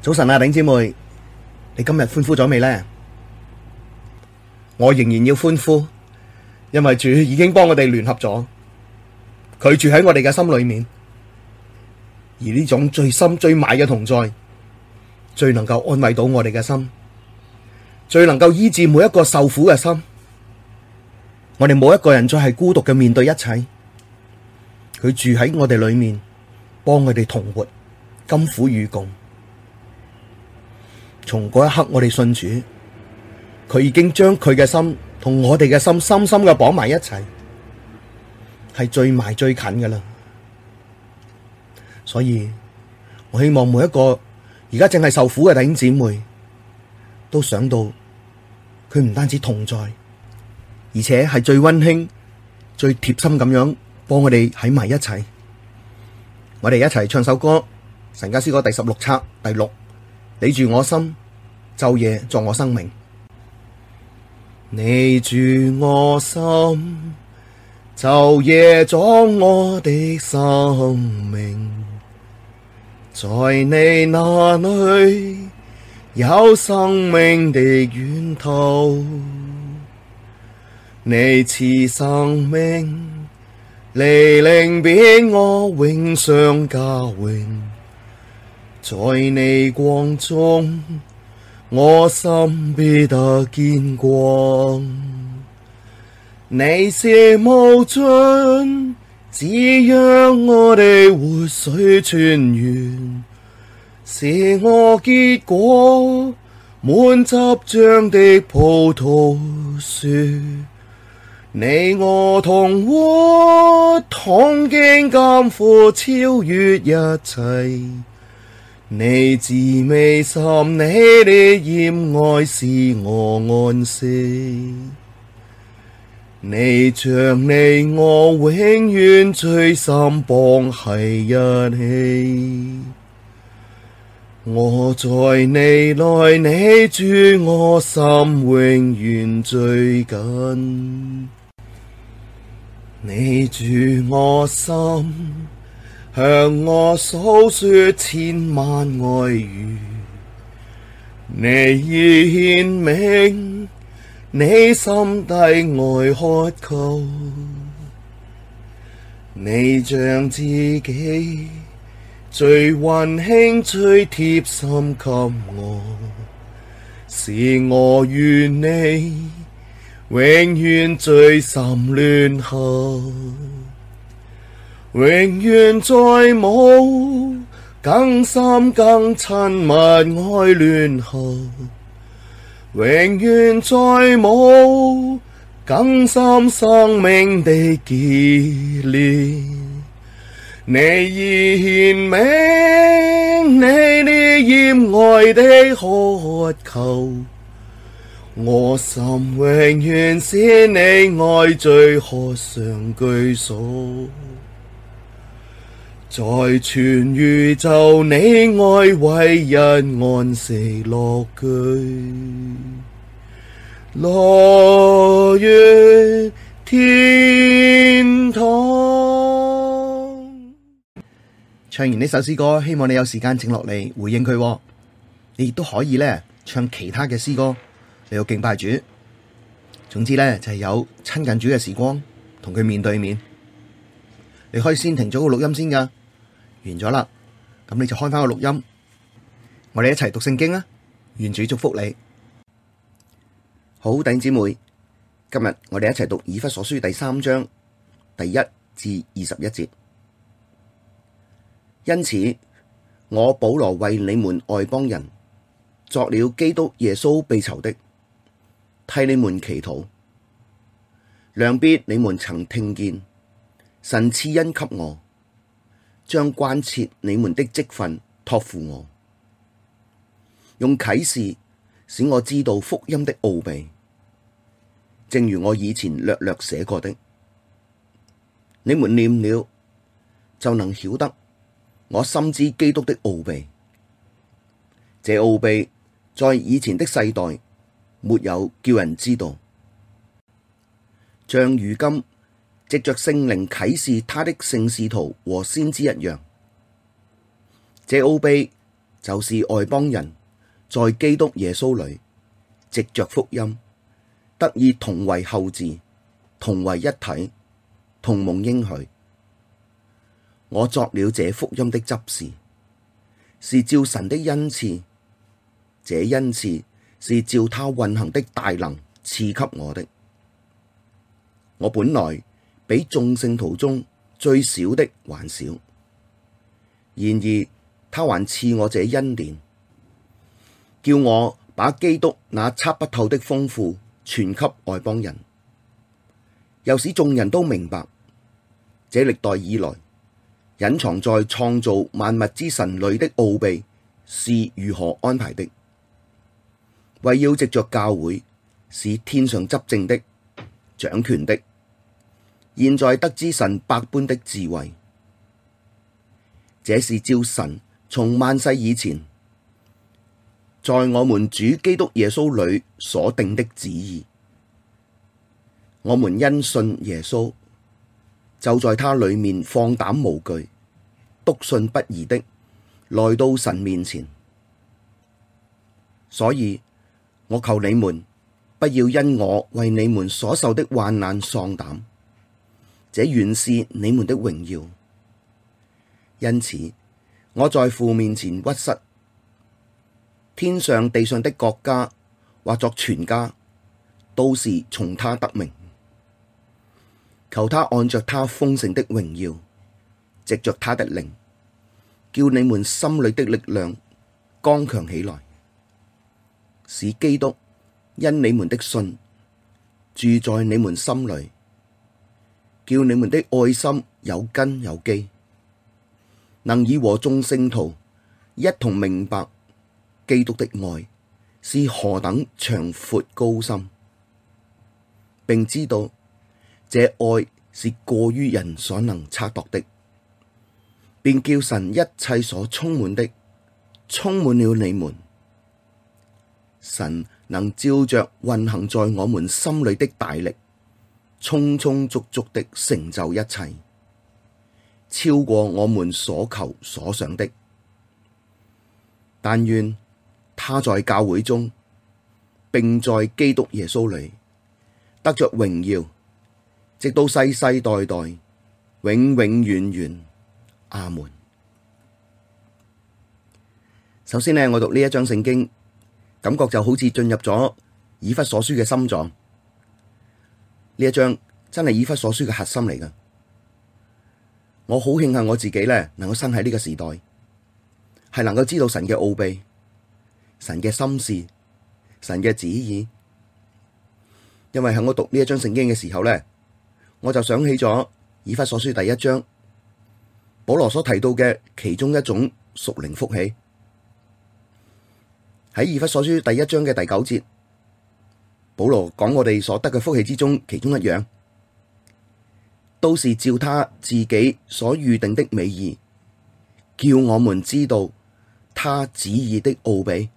早晨啊，頂姐妹，你今日歡呼咗未呢？我仍然要歡呼，因為主已經幫我哋聯合咗，佢住喺我哋嘅心裏面，而呢種最深最埋嘅同在，最能夠安慰到我哋嘅心，最能夠醫治每一個受苦嘅心。我哋冇一個人再係孤獨嘅面對一切，佢住喺我哋裏面，幫我哋同活，甘苦與共。從嗰一刻，我哋信主，佢已經將佢嘅心同我哋嘅心深深嘅綁埋一齊，係最埋最近㗎喇。所以我希望每一個而家正係受苦嘅弟兄姊妹，都想到佢唔單止同在，而且係最溫馨、最貼心咁樣幫我哋喺埋一齊。我哋一齊唱首歌，《神家詩歌》第十六冊第六。你住我心，晝夜作我生命。你住我心，晝夜作我的生命。在你那裏有生命的源頭。你賜生命，你靈變我榮上加榮。在你光中，我心必得見光。你是無盡，滋養我的活水泉源。使我結果滿汁漿的葡萄樹，你我同活，同經甘苦，超越一切。你至美心，你烈焰愛是我安息。你將你我永遠最深綁繫一起，我在你內，你住我心，永遠最近。你住我心。向我訴說千萬愛語，你已顯明，你心底愛渴求，你將自己最溫馨最貼心給我，是我與你永遠最深聯合。永遠再冇更深更親密愛聯合，永遠再冇更深生命的結連。你已顯明你烈焰愛的渴求，我心永遠是你愛最渴想居所。在全宇宙，你愛惟一安息樂居，樂園天堂！唱完呢首詩歌，希望你有時間靜落嚟回應佢喎。你亦都可以咧唱其他嘅詩歌，你有敬拜主。總之咧就係有親近主嘅時光，同佢面對面。你可以先停咗個錄音先噶。完咗啦，咁你就開翻個錄音，我哋一齊讀聖經啊！願主祝福你，好弟兄姊妹，今日我哋一齊讀以弗所書第三章第一至二十一節。因此，我保羅為你們外邦人作了基督耶穌被囚的，替你們祈禱。諒必你們曾聽見神賜恩給我。將關切你們的職分託付我，用啟示使我知道福音的奧祕，正如我以前略略寫過的，你們念了就能曉得，我深知基督的奧祕。這奧祕在以前的世代沒有叫人知道，像如今。藉着聖靈啟示他的聖使徒和先知一樣，這奧秘就是外邦人在基督耶穌裏，藉著福音，得以同為後嗣、同為一體、同蒙應許。我作了這福音的執事，是照神的恩賜；這恩賜是照他運行的大能賜給我的。我本來比眾聖徒中最小的還小，然而他還賜我這恩典，叫我把基督那測不透的豐富傳給外邦人，又使眾人都明白這歷代以來隱藏在創造萬物之神裏的奧祕是如何安排的，為要藉着教會，使天上執政的掌權的，現在得知神百般的智慧，這是照神從萬世以前，在我們主基督耶穌裡所定的旨意。我們因信耶穌，就在他裡面放膽無懼，篤信不疑的來到神面前。所以我求你們，不要因我為你們所受的患難喪膽。這原是你們的榮耀，因此我在父面前屈膝。天上地上的各家或作全家，都是從他得名。求他按着他豐盛的榮耀，藉着他的靈，叫你們心裡的力量剛強起來，使基督因你們的信住在你們心裡。叫你們的愛心有根有基，能以和眾聖徒一同明白基督的愛是何等長闊高深，並知道這愛是過於人所能測度的，便叫神一切所充滿的充滿了你們，神能照着運行在我們心裡的大力。充充足足的成就一切，超過我們所求所想的。但願他在教會中，並在基督耶穌裏得着榮耀，直到世世代代，永永遠遠遠。阿門。首先呢，我讀呢一章聖經，感覺就好似進入咗以弗所書嘅心臟。呢一章真係以弗所書嘅核心嚟噶我好慶幸我自己咧，能夠生喺呢個時代係能夠知道神嘅奧祕、神嘅心事、神嘅旨意。因為喺我讀呢一章聖經嘅時候咧，我就想起咗以弗所書第一章保羅所提到嘅其中一種屬靈福氣，喺以弗所書第一章嘅第九節。保羅講我哋所得嘅福氣之中，其中一樣，都是照他自己所預定的美意，叫我們知道他旨意的奧祕，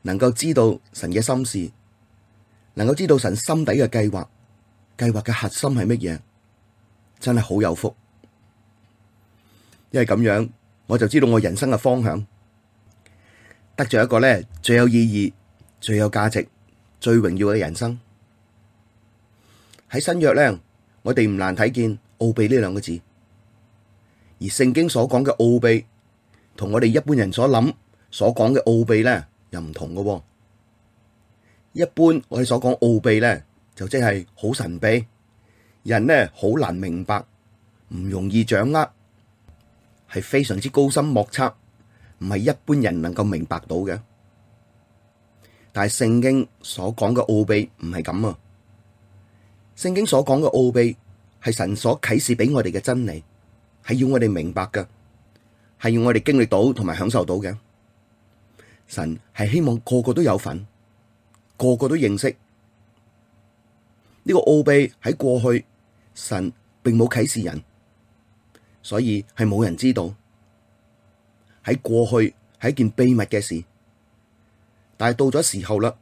能夠知道神嘅心事，能夠知道神心底嘅計劃，計劃嘅核心係乜嘢？真係好有福，因為咁樣我就知道我人生嘅方向，得咗一個呢最有意義。最有價值、最榮耀嘅人生。喺新約呢，我哋唔難睇見奧祕呢兩個字。而聖經所講嘅奧祕，同我哋一般人所諗、所講嘅奧祕呢，又唔同嘅。一般我哋所講奧祕呢，就即係好神秘，人呢好難明白，唔容易掌握，係非常之高深莫測，唔係一般人能夠明白到嘅。但係聖經所講嘅奧秘唔係咁啊！聖經所講嘅奧秘係神所啟示俾我哋嘅真理，係要我哋明白嘅，係要我哋經歷到同埋享受到嘅。神係希望個個都有份，個個都認識。呢個奧秘喺過去，神並冇啟示人，所以係冇人知道。喺過去係一件秘密嘅事。但係到咗時候啦，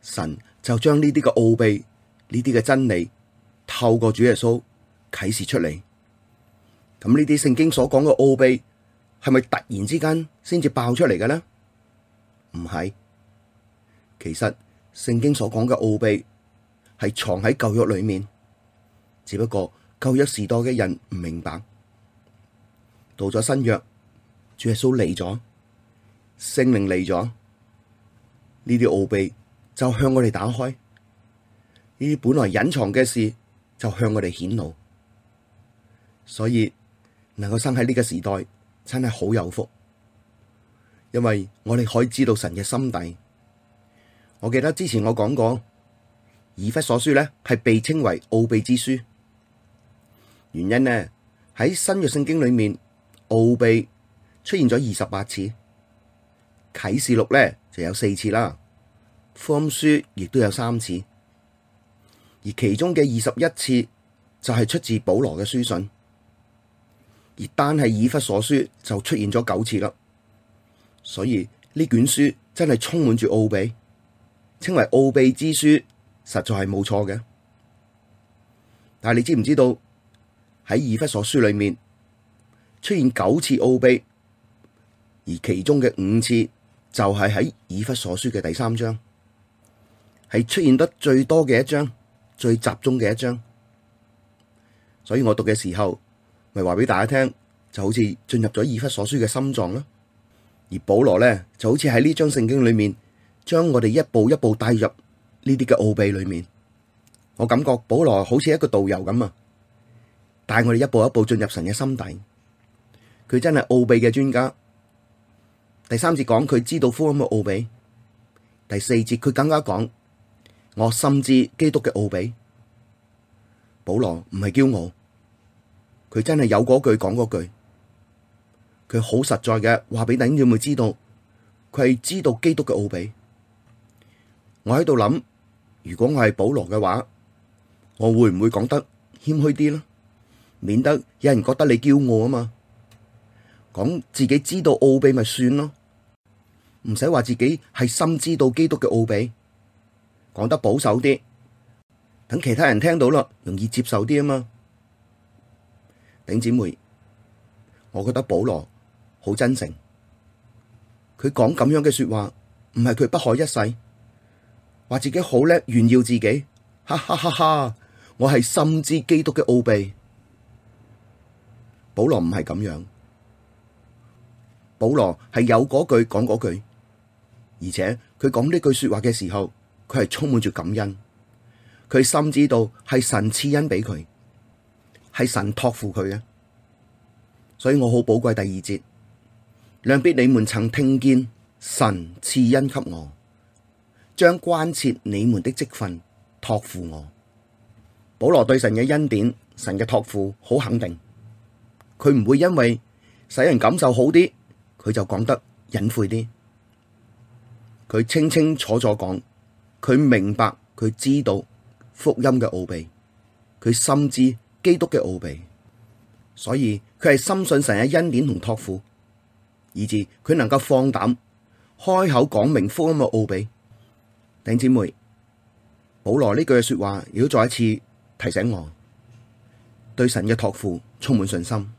神就將呢啲嘅奧祕、呢啲嘅真理，透過主耶穌啟示出嚟。咁呢啲聖經所講嘅奧祕，係咪突然之間先至爆出嚟嘅呢？唔係，其實聖經所講嘅奧祕係藏喺舊約裏面，只不過舊約時代嘅人唔明白。到咗新約，主耶穌嚟咗，聖靈嚟咗。呢啲奧祕就向我哋打開，呢啲本來隱藏嘅事就向我哋顯露，所以能夠生喺呢個時代真係好有福，因為我哋可以知道神嘅心底。我記得之前我講過，以弗所書咧係被稱為奧祕之書，原因呢，喺新約聖經裏面奧祕出現咗二十八次，啟示錄咧，就有四次啦，福音書亦都有三次，而其中嘅二十一次就係出自保羅嘅書信，而單係以弗所書就出現咗九次啦，所以呢卷書真係充滿住奧秘，稱為奧秘之書實在係冇錯嘅。但係你知唔知道喺以弗所書裡面出現九次奧秘，而其中嘅五次就係喺以弗所書嘅第三章，係出現得最多嘅一章，最集中嘅一章。所以我讀嘅時候，咪話俾大家聽，就好似進入咗以弗所書嘅心臟咯。而保羅咧，就好似喺呢章聖經裏面，將我哋一步一步帶入呢啲嘅奧秘裏面。我感覺保羅好似一個導遊咁啊，帶我哋一步一步進入神嘅心底。佢真係奧秘嘅專家。第三節講佢知道福音嘅奧祕，第四節佢更加講我深知基督嘅奧祕。保羅唔係驕傲，佢真係有嗰句講嗰句，佢好實在嘅話俾弟兄姊妹知道，佢係知道基督嘅奧祕。我喺度諗，如果我係保羅嘅話，我會唔會講得謙虛啲呢？免得有人覺得你驕傲啊嘛，講自己知道奧祕咪算咯。唔使話自己係深知道基督嘅奧祕，講得保守啲，等其他人聽到咯，容易接受啲啊嘛。頂姊妹，我覺得保羅好真誠，佢講咁樣嘅說話，唔係佢不可一世，話自己好叻，炫耀自己，哈哈哈哈！我係深知基督嘅奧祕，保羅唔係咁樣，保羅係有嗰句講嗰句。而且佢講呢句說話嘅時候，佢係充滿住感恩，佢深知道係神賜恩俾佢，係神託付佢嘅，所以我好寶貴第二節，諒必你們曾聽見神賜恩給我，將關切你們的職分託付我。保羅對神嘅恩典、神嘅託付好肯定，佢唔會因為使人感受好啲，佢就講得隱晦啲。佢清清楚楚講，佢明白佢知道福音嘅奧祕，佢深知基督嘅奧祕，所以佢係深信神嘅恩典同託付，以致佢能夠放膽開口講明福音嘅奧祕。弟姊妹，保羅呢句嘅說話，又再一次提醒我，對神嘅託付充滿信心，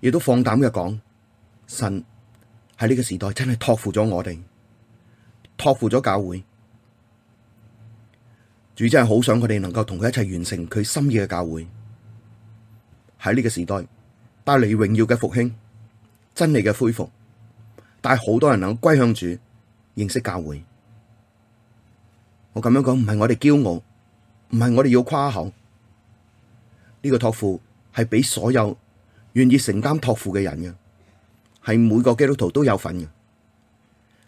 亦都放膽嘅講神。喺呢個時代真係託付咗我哋，託付咗教會，主真係好想佢哋能夠同佢一齊完成佢心意嘅教會。喺呢個時代帶嚟榮耀嘅復興、真理嘅恢復，帶好多人能夠歸向主、認識教會。我咁樣講唔係我哋驕傲，唔係我哋要誇口。呢個託付係俾所有願意承擔託付嘅人嘅。係每個基督徒都有份嘅，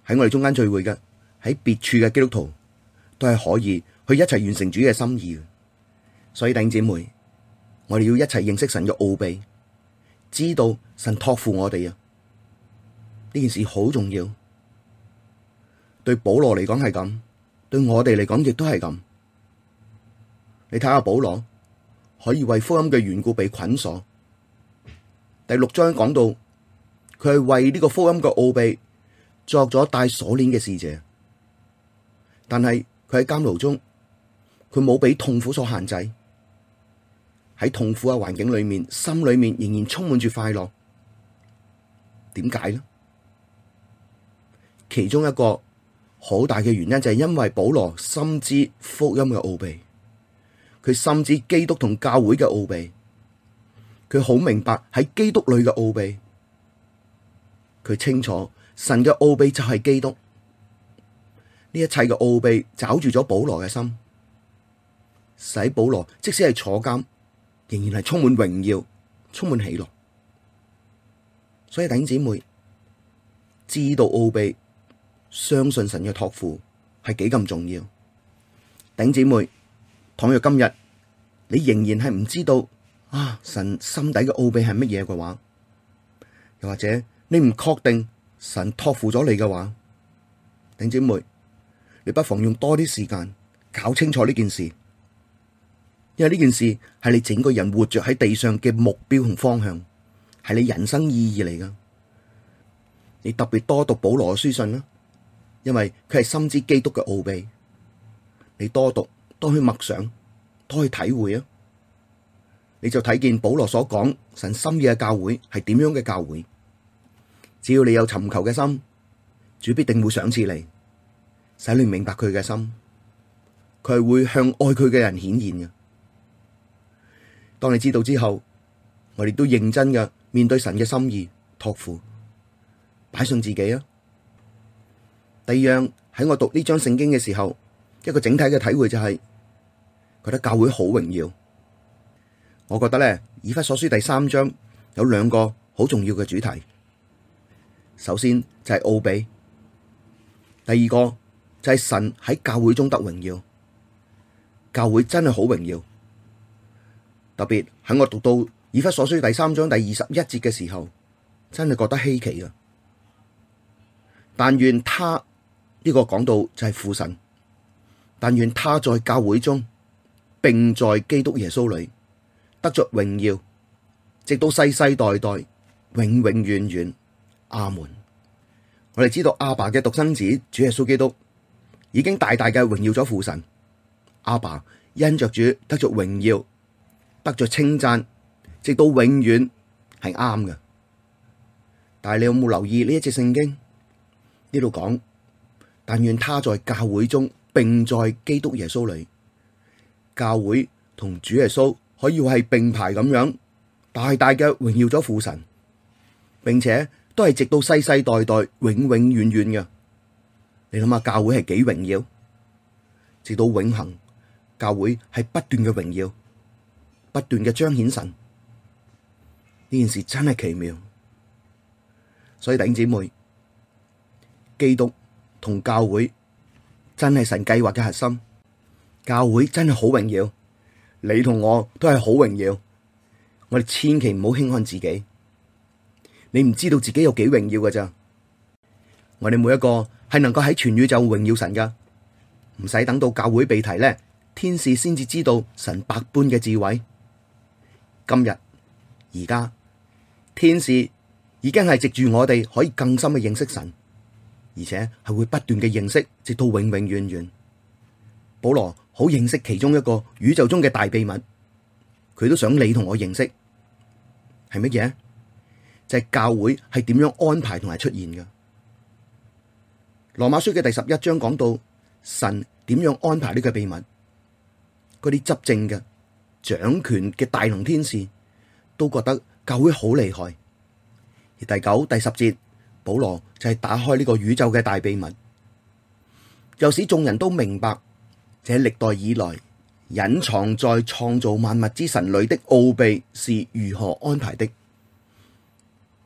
喺我哋中間聚會嘅，喺別處嘅基督徒都係可以去一齊完成主嘅心意嘅。所以弟兄姊妹，我哋要一齊認識神嘅奧祕，知道神託付我哋啊，呢件事好重要。對保羅嚟講係咁，對我哋嚟講亦都係咁。你睇下保羅可以為福音嘅緣故被捆鎖。第六章講到。佢係為呢個福音嘅奧秘作咗帶鎖鏈嘅使者，但係佢喺監獄中，佢冇俾痛苦所限制。喺痛苦嘅環境裏面，心裏面仍然充滿住快樂。點解呢？其中一個好大嘅原因就係因為保羅深知福音嘅奧秘，佢深知基督同教會嘅奧秘，佢好明白喺基督裏嘅奧秘。佢清楚神嘅奧祕就係基督，呢一切嘅奧祕抓住咗保羅嘅心，使保羅即使係坐監，仍然係充滿榮耀，充滿喜樂。所以頂姐妹知道奧祕，相信神嘅託付係幾咁重要。頂姐妹，倘若今日你仍然係唔知道啊神心底嘅奧祕係乜嘢嘅話，又或者，你唔確定神托付咗你嘅話，弟兄姊妹，你不妨用多啲時間搞清楚呢件事，因為呢件事係你整個人活着喺地上嘅目標同方向，係你人生意義嚟㗎。你特別多讀保羅嘅書信啦，因為佢係深知基督嘅奧祕。你多讀多去默想，多去體會啊，你就睇見保羅所講神心意嘅教會係點樣嘅教會。只要你有尋求嘅心，主必定會賞賜你，使你明白佢嘅心。佢係會向愛佢嘅人顯現嘅。當你知道之後，我哋都認真嘅面對神嘅心意，託付擺上自己啊。第二樣喺我讀呢章聖經嘅時候，一個整體嘅體會就係、是、覺得教會好榮耀。我覺得咧，以弗所書第三章有兩個好重要嘅主題。首先就係奧祕，第二個就係神喺教會中得榮耀，教會真係好榮耀，特別喺我讀到以弗所書第三章第二十一節嘅時候，真係覺得稀奇啊！但願他呢、這個講到就係父神，但願他在教會中，並在基督耶穌裡得着榮耀，直到世世代代永永遠遠，遠。阿門！我哋知道阿爸嘅獨生子主耶穌基督已經大大嘅榮耀咗父神。阿爸因着主得着榮耀，得着稱讚，直到永遠係啱嘅。但係你有冇留意呢一隻聖經？呢度講，但願他在教會中，並在基督耶穌裡，教會同主耶穌可以係並排咁樣，大大嘅榮耀咗父神，並且。都係直到世世代代永永遠遠嘅，你諗下教會係幾榮耀？直到永恒，教會係不斷嘅榮耀，不斷嘅彰顯神。呢件事真係奇妙，所以弟兄姊妹，基督同教會真係神計劃嘅核心，教會真係好榮耀，你同我都係好榮耀，我哋千祈唔好輕看自己。你唔知道自己有幾榮耀嘅咋，我哋每一個係能夠喺全宇宙榮耀神噶，唔使等到教會被提呢，天使先至知道神百般嘅智慧。今日而家，天使已經係藉住我哋可以更深嘅認識神，而且係會不斷嘅認識，直到永永遠遠。保羅好認識其中一個宇宙中嘅大秘密，佢都想你同我認識，係乜嘢？就係教會係點樣安排同埋出現嘅，《羅馬書》嘅第十一章講到神點樣安排呢個秘密，嗰啲執政嘅掌權嘅大能天使都覺得教會好厲害。而第九、第十節，保羅就係打開呢個宇宙嘅大秘密，又使眾人都明白，這歷代以來隱藏在創造萬物之神裡的奧秘是如何安排的。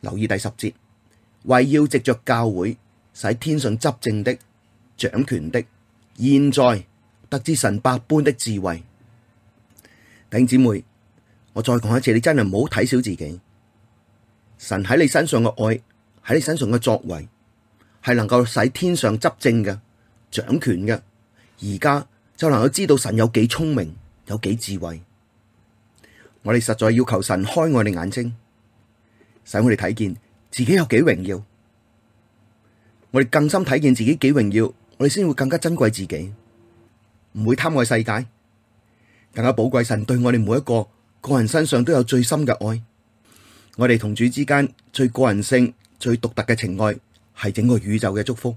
留意第十節，為要藉着教會，使天上執政的掌權的，現在得知神百般的智慧。弟兄姊妹，我再講一次，你真係唔好睇小自己。神喺你身上嘅愛，喺你身上嘅作為，係能夠使天上執政嘅掌權嘅，而家就能夠知道神有幾聰明，有幾智慧。我哋實在要求神開我哋眼睛。使我哋睇見自己有幾榮耀，我哋更深睇見自己幾榮耀，我哋先會更加珍貴自己，唔會貪愛世界，更加寶貴神對我哋每一個個人身上都有最深嘅愛，我哋同主之間最個人性、最獨特嘅情愛，係整個宇宙嘅祝福。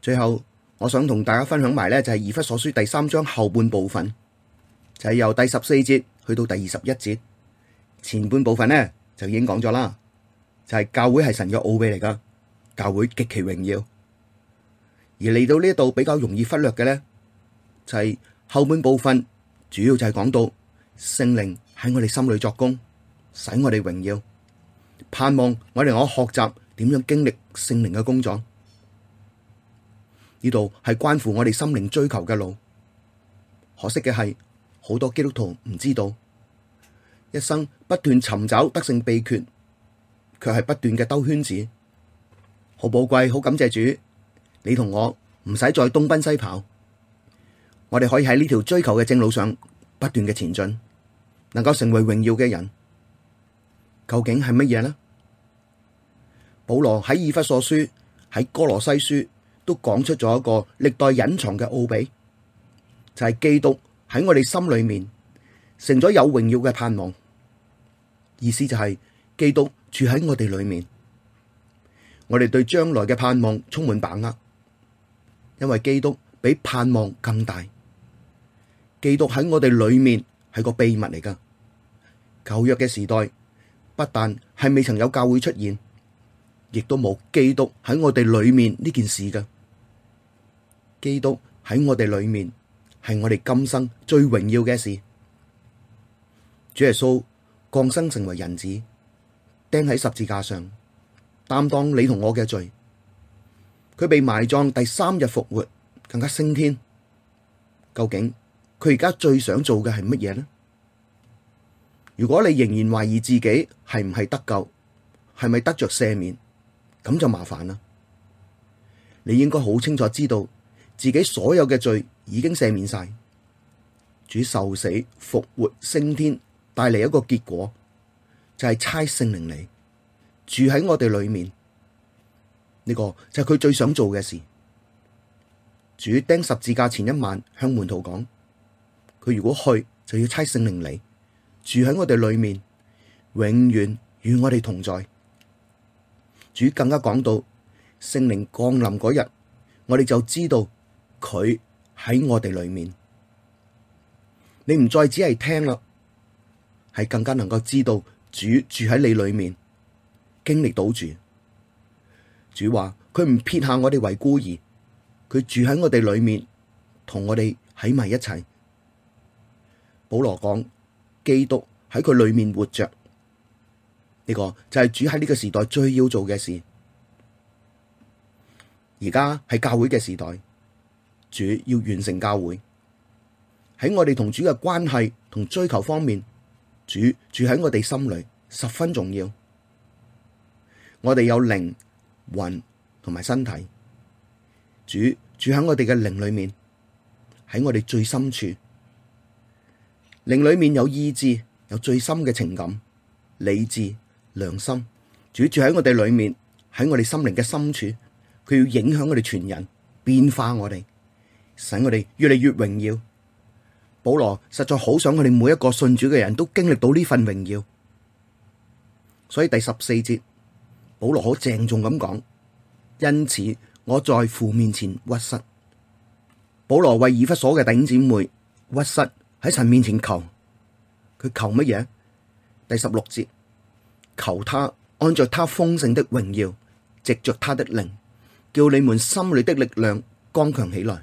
最後，我想同大家分享埋呢，就係《以弗所書》第三章後半部分，就係、是、由第十四節去到第二十一節前半部分呢。就已經講咗啦，就係教會係神嘅奧祕嚟噶教會極其榮耀。而嚟到呢一度比較容易忽略嘅咧，就係後半部分主要就係講到聖靈喺我哋心裏作工，使我哋榮耀。盼望我哋可以學習點樣經歷聖靈嘅工作。呢度係關乎我哋心靈追求嘅路，可惜嘅係好多基督徒唔知道，一生。不斷尋找得勝秘訣，卻係不斷嘅兜圈子。好寶貴，好感謝主，你同我唔使再東奔西跑，我哋可以喺呢條追求嘅正路上不斷嘅前進，能夠成為榮耀嘅人，究竟係乜嘢呢？保羅喺以弗所書喺哥羅西書都講出咗一個歷代隱藏嘅奧秘，就係基督喺我哋心裏面成咗有榮耀嘅盼望。意思就係基督住喺我哋裏面，我哋對將來嘅盼望充滿把握，因為基督比盼望更大。基督喺我哋裏面係個秘密嚟噶。舊約嘅時代不但係未曾有教會出現，亦都冇基督喺我哋裏面呢件事噶。基督喺我哋裏面係我哋今生最榮耀嘅事。主耶穌。降生成為人子，釘喺十字架上，擔當你同我嘅罪。佢被埋葬，第三日復活，更加升天。究竟佢而家最想做嘅係乜嘢呢？如果你仍然懷疑自己係唔係得救，係咪得着赦免？咁就麻煩啦。你應該好清楚知道自己所有嘅罪已經赦免晒。主受死、復活、升天。帶嚟一個結果，就係、是、差聖靈嚟住喺我哋裏面。呢、這個就係佢最想做嘅事。主釘十字架前一晚向門徒講：，佢如果去就要差聖靈嚟住喺我哋裏面，永遠與我哋同在。主更加講到聖靈降臨嗰日，我哋就知道佢喺我哋裏面。你唔再只係聽啦。係更加能夠知道主住喺你裏面，經歷到住。主話佢唔撇下我哋為孤兒，佢住喺我哋裏面，同我哋喺埋一齊。保羅講基督喺佢裏面活着，呢個就係主喺呢個時代最要做嘅事。而家係教會嘅時代，主要完成教會喺我哋同主嘅關係同追求方面。主住喺我哋心裏十分重要，我哋有靈、魂同埋身體，主住喺我哋嘅靈裏面，喺我哋最深處，靈裏面有意志，有最深嘅情感、理智、良心。主住喺我哋裏面，喺我哋心靈嘅深處，佢要影響我哋全人，變化我哋，使我哋越嚟越榮耀。保羅實在好想佢哋每一個信主嘅人都經歷到呢份榮耀，所以第十四節保羅好鄭重咁講：因此我在父面前屈膝。保羅為以弗所嘅弟兄姊妹屈膝喺神面前求，佢求乜嘢？第十六節，求他按着他豐盛的榮耀，藉着他的靈，叫你們心裡的力量剛強起來。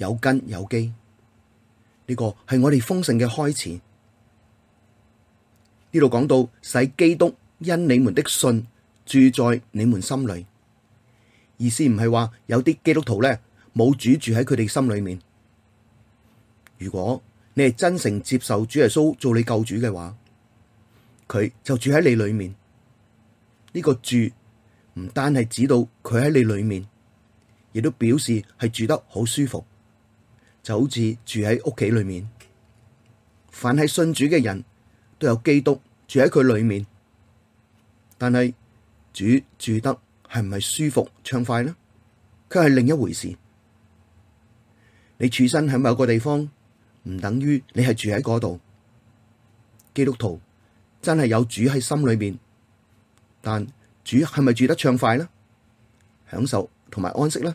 有根有基，呢個係我哋豐盛嘅開始。呢度講到使基督因你們的信住在你們心裡，意思唔係話有啲基督徒咧冇主住喺佢哋心裡面。如果你係真誠接受主耶穌做你救主嘅話，佢就住喺你裡面。呢個住唔單係指到佢喺你裡面，亦都表示係住得好舒服。就好似住喺屋企裏面，凡係信主嘅人都有基督住喺佢裏面，但係主住得係唔係舒服暢快呢？佢係另一回事。你處身喺某個地方，唔等於你係住喺嗰度。基督徒真係有主喺心裏面，但主係咪住得暢快呢？享受同埋安息呢？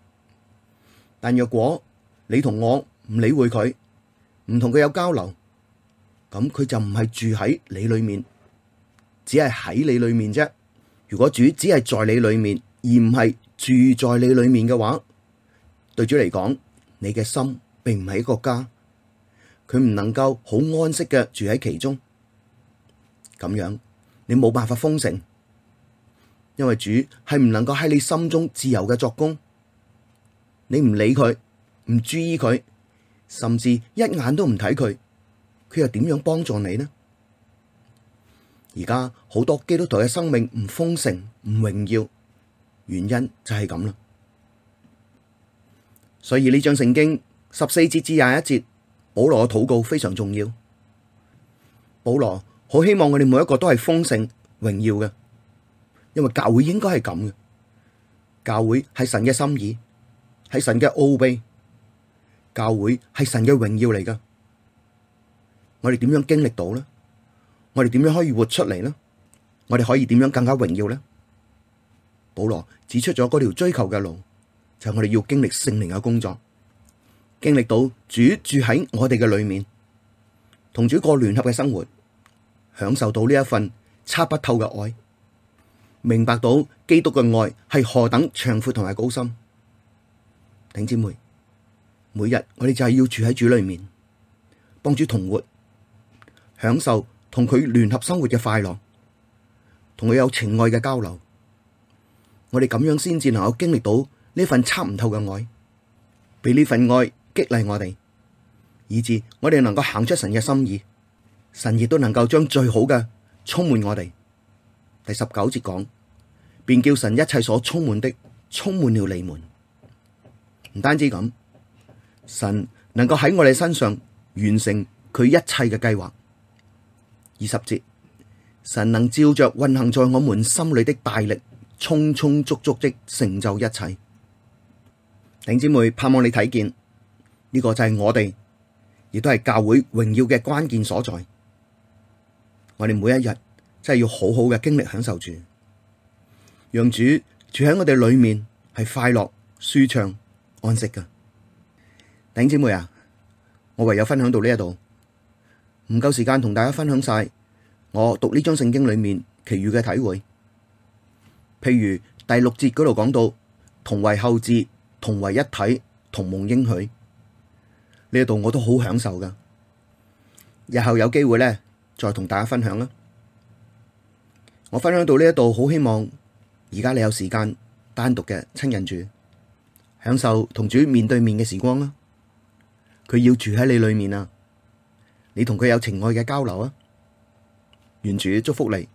但若果你同我唔理會佢，唔同佢有交流，咁佢就唔係住喺你裏面，只係喺你裏面啫。如果主只係在你裏面，而唔係住在你裏面嘅話，對主嚟講，你嘅心並唔係一個家，佢唔能夠好安息嘅住喺其中。咁樣你冇辦法豐盛，因為主係唔能夠喺你心中自由嘅作工。你唔理佢，唔注意佢，甚至一眼都唔睇佢，佢又點樣幫助你呢？而家好多基督徒嘅生命唔豐盛、唔榮耀，原因就係咁啦。所以呢章聖經十四節至廿一節，保羅嘅禱告非常重要。保羅好希望我哋每一個都係豐盛、榮耀嘅，因為教會應該係咁嘅，教會係神嘅心意。係神嘅奧祕，教會係神嘅榮耀嚟噶。我哋點樣經歷到呢？我哋點樣可以活出嚟呢？我哋可以點樣更加榮耀呢？保羅指出咗嗰條追求嘅路，就係我哋要經歷聖靈嘅工作，經歷到主住喺我哋嘅裏面，同主過聯合嘅生活，享受到呢一份測不透嘅愛，明白到基督嘅愛係何等長闊同埋高深。頂姐妹，每日我哋就係要住喺主裏面，幫主同活，享受同佢聯合生活嘅快樂，同佢有情愛嘅交流。我哋咁樣先至能夠經歷到呢份測唔透嘅愛，俾呢份愛激勵我哋，以致我哋能夠行出神嘅心意。神亦都能夠將最好嘅充滿我哋。第十九節講，便叫神一切所充滿的，充滿了你們。唔單止咁，神能夠喺我哋身上完成佢一切嘅計劃。二十節，神能照着運行在我們心裏的大力，充充足足的成就一切。弟兄姊妹，盼望你睇見呢個就係我哋，亦都係教會榮耀嘅關鍵所在。我哋每一日真係要好好嘅經歷，享受住，讓主住喺我哋裏面，係快樂舒暢。安息噶，弟兄姐妹啊！我唯有分享到呢一度，唔夠時間同大家分享晒我讀呢章聖經裏面其餘嘅體會。譬如第六節嗰度講到同為後嗣，同為一體，同蒙應許呢一度，我都好享受噶。日後有機會咧，再同大家分享啦。我分享到呢一度，好希望而家你有時間單獨嘅親近主。享受同主面對面嘅時光啦，佢要住喺你裏面啊，你同佢有情愛嘅交流啊，願主祝福你。